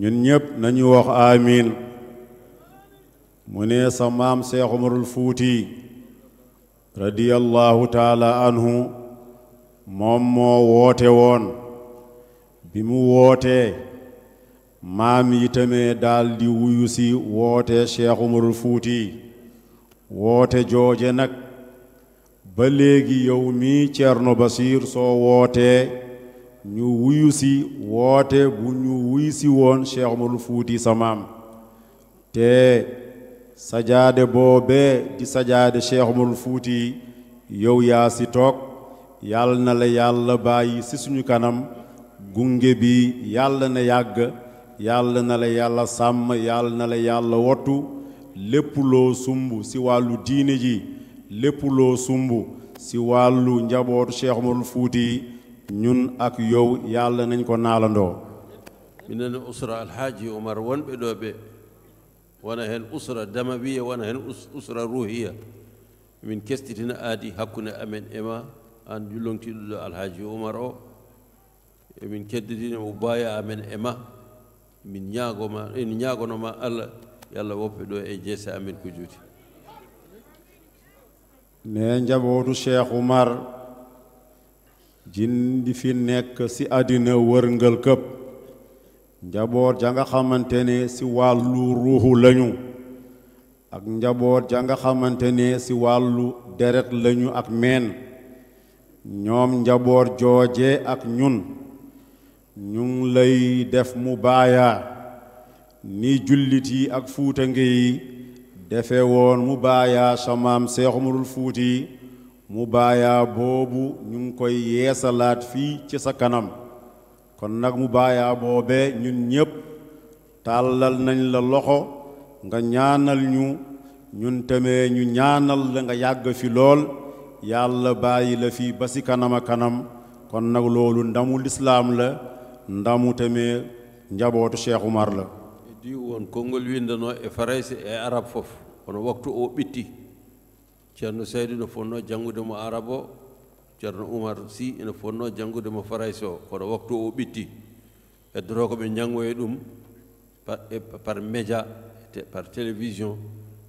ñun ñëpp nañu wax amin mu sa maam Cheikh Umarul Fuuti radiyallahu taala anhu moom moo woote woon bi mu wootee maam yi tamee daldi wuyu si woote Cheikh Umarul Fuuti woote jooje nag ba léegi yow mi Cerno Basiir soo wootee ñu wuyu si woote bu ñu wuyu si woon Cheikh Umarul Fuuti sa maam sajaade boobee di sajaade Cheikh Umarul Fuuti yow yaa si toog yàlla na la yàlla bàyyi ci suñu kanam gunge bi yàlla na yàgg yàlla na la yàlla sàmm yàlla na la yàlla wottu lépp loo sumb si wàllu diine ji lépp loo sumb ci wàllu njabootu Cheikh Umarul Fuuti ñun ak yow yàlla nañ ko naalandoo wona heen usra damawiya wona heen usra ruhiya min kestitina aadi hakkunde amen e ma aan jullontiɗo ɗo alhaji oumar o emin keddidina mo amen e min ñaagoma en allah yo allah woppe e jeese amen ko ne njabootu cheikh oumar jindi fi nekk si àddina wërngal këpp njaboot ja nga xamante ne si wàllu ruuxu lañu ak njaboot ja nga xamante ne si wàllu deret lañu ak meen ñoom njaboot jooje ak ñun ñu lay def mu baayaa ni jullit yi ak fuutange yi defe woon mu baayaa samaam Seex Umarul Fuuti mu baayaa boobu ñu ngi koy yeesalaat fii ci sa kanam kon nag mu baayaa boobee ñun ñépp tàllal nañ la loxo nga ñaanal ñu ñun tamee ñu ñaanal la nga yàgg fi lool yàlla bàyyi la fi ba si kanam kanam kon nag loolu ndamu lislaam la ndamu tamee njabootu Cheikh mar la e di won konngol windanoo e farayse e arab fof kono waktu o ɓitti ceerno saydu no fonnoo janngude mo arab ceerno oumar sy ene fotnoo janngude mo farays kono waktu o ɓitti heddotoo ɓe janngoye ɗum e, par média par télévision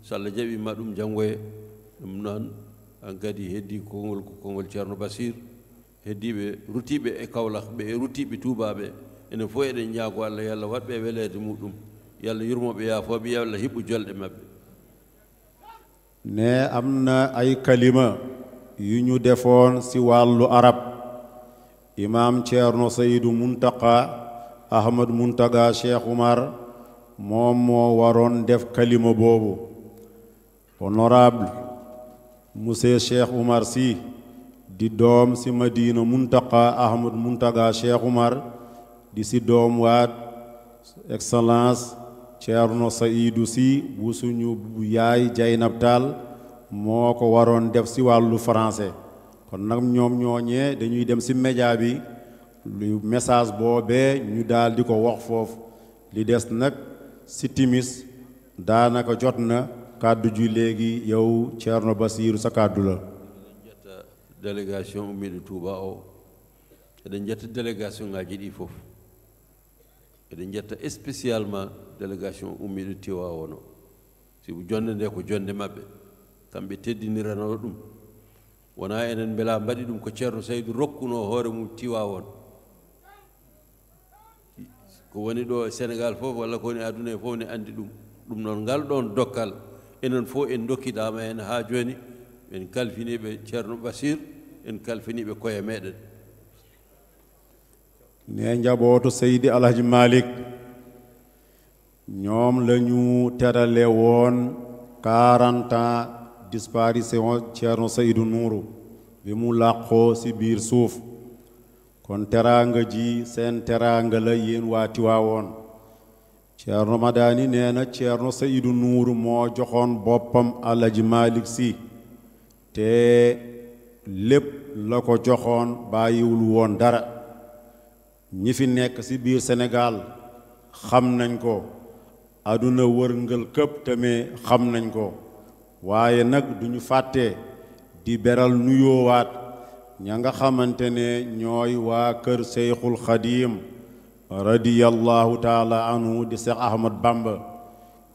so allah jaɓi ma ɗum janngoye ɗum noon an kadi heddii kongol ko kongol ceerno basir heddiiɓe rutiiɓe e kawlak ɓe e rutiiɓe tuubaaɓe enen fof eɗen ñaago allah yo allah waɗɓe weleede muɗum yo yurmoɓe yaafooɓe yo allah jolɗe maɓɓe ne am na kalima yu ñu defoon ci wàllu arab imaam ceerno saydu muntaqa ahmad muntaga cheikh umar moom moo waroon def kalima boobu honorable monsieur cheikh umar si di doom ci madina muntaqa ahmad muntaga cheikh umar di ci doom waat excellence ceerno saydu si bu suñu yaay jaynab taal moo ko waroon def ci wàllu français kon nag ñoom ñooñee dañuy dem ci média bi lu message boobee ñu daal ko wax foofu li des nag ci timis daanaka jot na kàddu ji léegi yow Thierno Basiru sa kàddu la délégation Médina Touba o eɗen jetta délégation ngaji spécialement délégation ummiɗo tiwa wono sibu jonde ko jonde maɓɓe kamɓe teddindirano ɗum wona enen beela mbaɗi ɗum ko ceerno saydou rokkuno hoore mum tiwa on ko ɗo e sénégal fof walla ko woni aduna e fof ne anndi ɗum ɗum noon ngal ɗon dokkal enen fof en dokkidama hen ha joni en kalfiniɓe ceerno basir en kalfiniɓe koye meɗen ne jaɓoto seydi alhaji malik ñoom lañu terale woon 40 disparition Ceerno Saydu Nuuru bi mu làqoo ci biir suuf kon teraanga ji seen teraanga la yéen waa Tiwaawoon Ceerno Madaani nee na Ceerno Saydu Nuuru moo joxoon boppam ji Malik Si te lépp la ko joxoon bàyyiwul woon dara ñi fi nekk ci biir Sénégal xam nañ ko àdduna wërngël këpp tamit xam nañ ko waaye nag duñu fàtte di beral nuyoowaat ña nga xamante ne ñooy waa kër seyxul xadiim radiyallahu taala anhu di seex ahmad bamba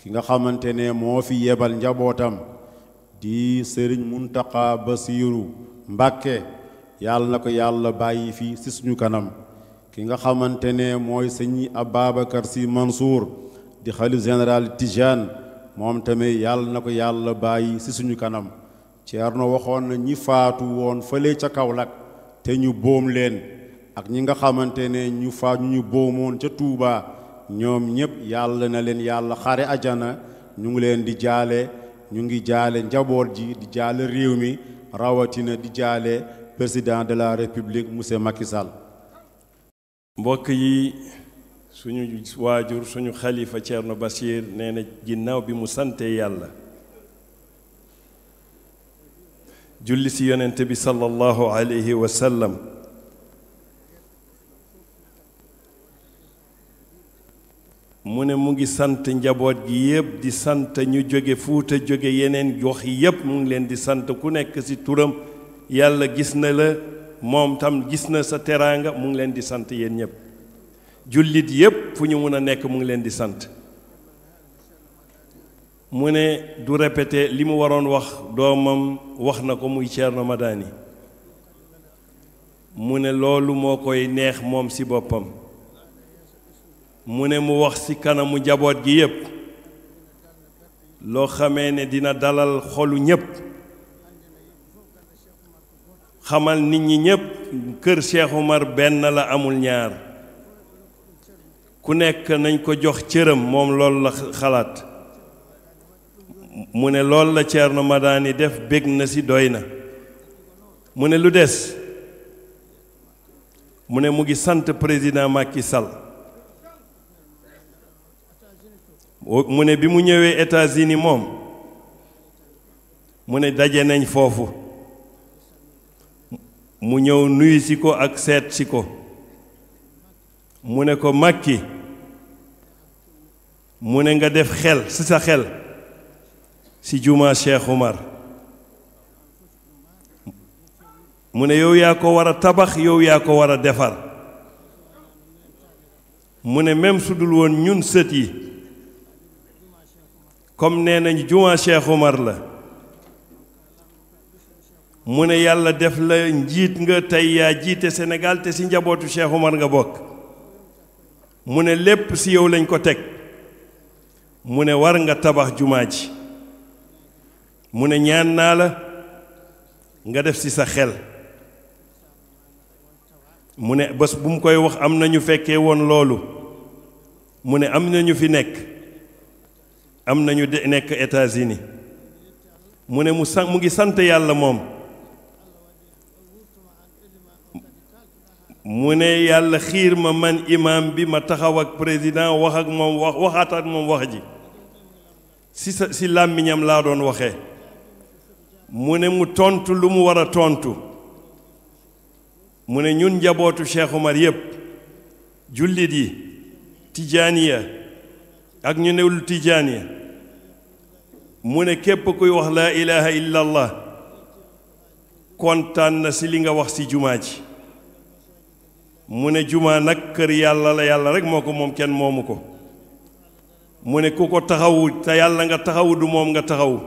ki nga xamante ne moo fi yebal njabootam di sëriñ muntaqa basiiru mbàkke yàlla na ko yàlla bàyyi fi ci suñu kanam ki nga xamante ne mooy sëñ ababacar si mansour di xalif général tijaan moom tamit yàlla na ko yàlla bàyyi ci suñu kanam Ceerno waxoon na ñi faatu woon fële ca kawlak te ñu boom leen ak ñi nga xamante ne ñu faatu ñu boomoon ca Tuuba ñoom ñépp yàlla na leen yàlla xare ajana ñu ngi leen di jaale ñu ngi jaale njaboot ji di jaale réew mi rawatina di jaale président de la république monsieur makisal mbokk yi suñu waajur suñu xalifa Thierno Bachir nee na ginnaaw bi mu sante yàlla julli ci yonent bi sallallahu alayhi wa sallam mu ne mu ngi sant njaboot gi yépp di sant ñu jóge fuuta jóge yeneen gox yépp mu ngi leen di sant ku nekk ci turam yàlla gis na la moom tam gis na sa teraanga mu ngi leen di sant yéen ñépp jullit yépp fu ñu mën a nekk mu ngi leen di sant mu ne du répété li mu waroon wax doomam wax na ko muy Thierno Madani mu ne loolu moo koy neex moom ci boppam mu ne mu wax ci kanamu njaboot gi yépp loo xamee ne dina dalal xolu ñépp xamal nit ñi ñépp kër Cheikh mar benn la amul ñaar ku nekk nañ ko jox cëram moom loolu la xalaat mu ne loolu la Ceerno Madaani def bég na si doy na mu ne lu des mu ne mu ngi sant président makki sal mu ne bi mu ñëwee États-Unis moom mu ne daje nañ foofu mu ñëw nuyu si ko ak seet si ko mu ne ko makki mu ne nga def xel ci sa xel ci jumaa Cheikh mu ne yow yaa ko war a tabax yow yaa ko war a defar mu ne même sudul woon ñun sët yi comme nee nañ jumaa Cheikh Umar la mu ne yàlla def la njiit nga tey yaa jiite Sénégal te ci njabootu Cheikh Umar nga bokk mu ne lépp ci yow lañ ko teg mu ne war nga tabax jumaa ji mu ne ñaan naa la nga def ci sa xel mu ne bés bu mu koy wax am na ñu fekkee woon loolu mu ne am na ñu fi nekk am na ñu nekk États-Unis mu ne mu san mu ngi sant yàlla moom mu ne yàlla xiir ma man imaam bi ma taxaw ak président wax ak wax waxaat ak moom wax ji si si làmmiñam laa doon waxe mu ne mu tontu lu mu war a tontu mu ne ñun njabootu Cheikh Omar yépp jullit yi tijaaniya ak ñu newul tijaaniya mu ne képp kuy wax laa ilaha illallah kontan na si li nga wax si jumaa ji mu ne jumaa nag kër yàlla la yàlla rek moo ko moom kenn moomu ko mu ne ku ko taxawu te yàlla nga taxawu du moom nga taxawu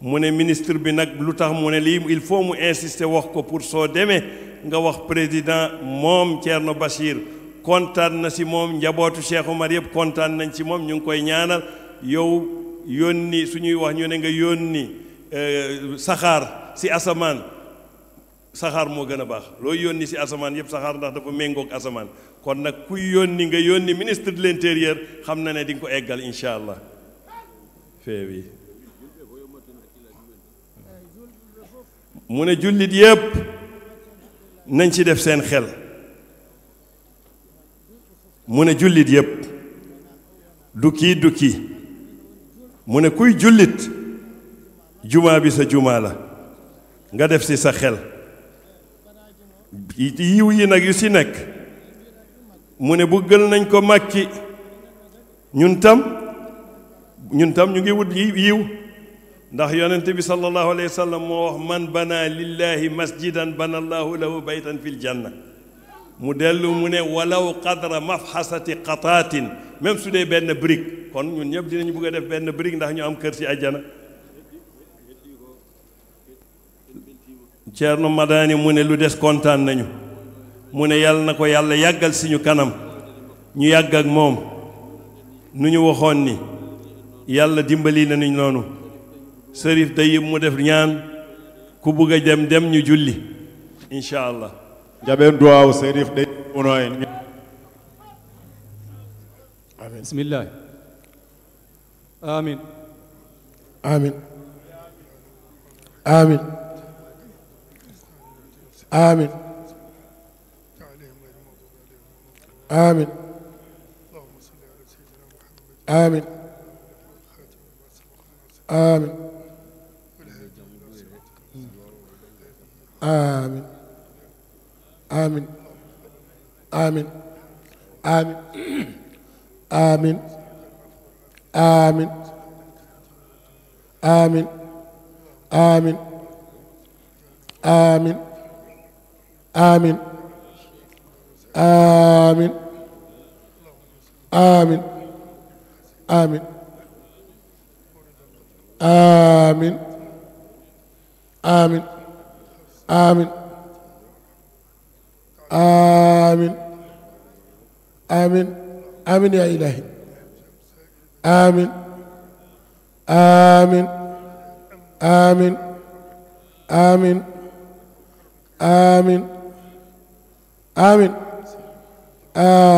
mu ne ministre bi nag lu tax mu ne lii il faut mu insister wax ko pour soo demee nga wax président moom Thierno Bachir kontaan na si moom njabootu Cheikh Omar yëpp kontaan nañ si moom ñu ngi koy ñaanal yow yónni suñuy wax ñu ne nga yónni euh, saxaar si asamaan saxaar moo gën a baax looy yónni si asamaan yëpp saxaar ndax dafa méngoog asamaan kon nag kuy yónni nga yónni ministre de l'intérieur xam na ne di ko eggal incha allah feewi mu ne jullit yëpp nañ ci def seen xel mu ne jullit yëpp du kii du kii mu ne kuy jullit jumaa bi sa jumaa la nga def si sa xel yiw yi nag yu si nekk mu ne bu gël nañ ko màkki ñun tam ñun tam ñu ngi wut yiw ndax yonent bi sallallahu alayhi wa sallam moo wax man bana lillahi masjidan bana allahu lahu baytan fil janna mu dellu mu ne walaw qadra mafxasati qataatin même su dee benn brique kon ñun ñëpp dinañu bëgg a def benn brique ndax ñu am kër si àjjana Ceerno Madani mu ne lu des kontaan nañu mu ne yàlla na ko yàlla yàggal suñu kanam ñu yàgg moom nu ñu waxoon ni yàlla dimbali nañu noonu sërif tayib mu def ñaan ku bugg a dem dem ñu julli incha allah jaɓen duwaw sérif ɗe uno en amin amin آمين آمين آمين آمين آمين آمين آمين آمين آمين آمين آمين آمين آمين amiin amiin amiin amiin amiin amiin amiin amiin amiin amiin yaa ilaahi amiin amiin amiin amiin amiin amin amin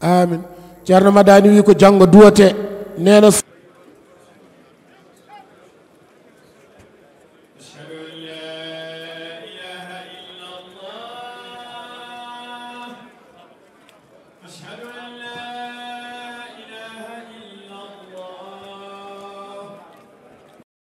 amin ceerno madani wi ko janngo duwate neena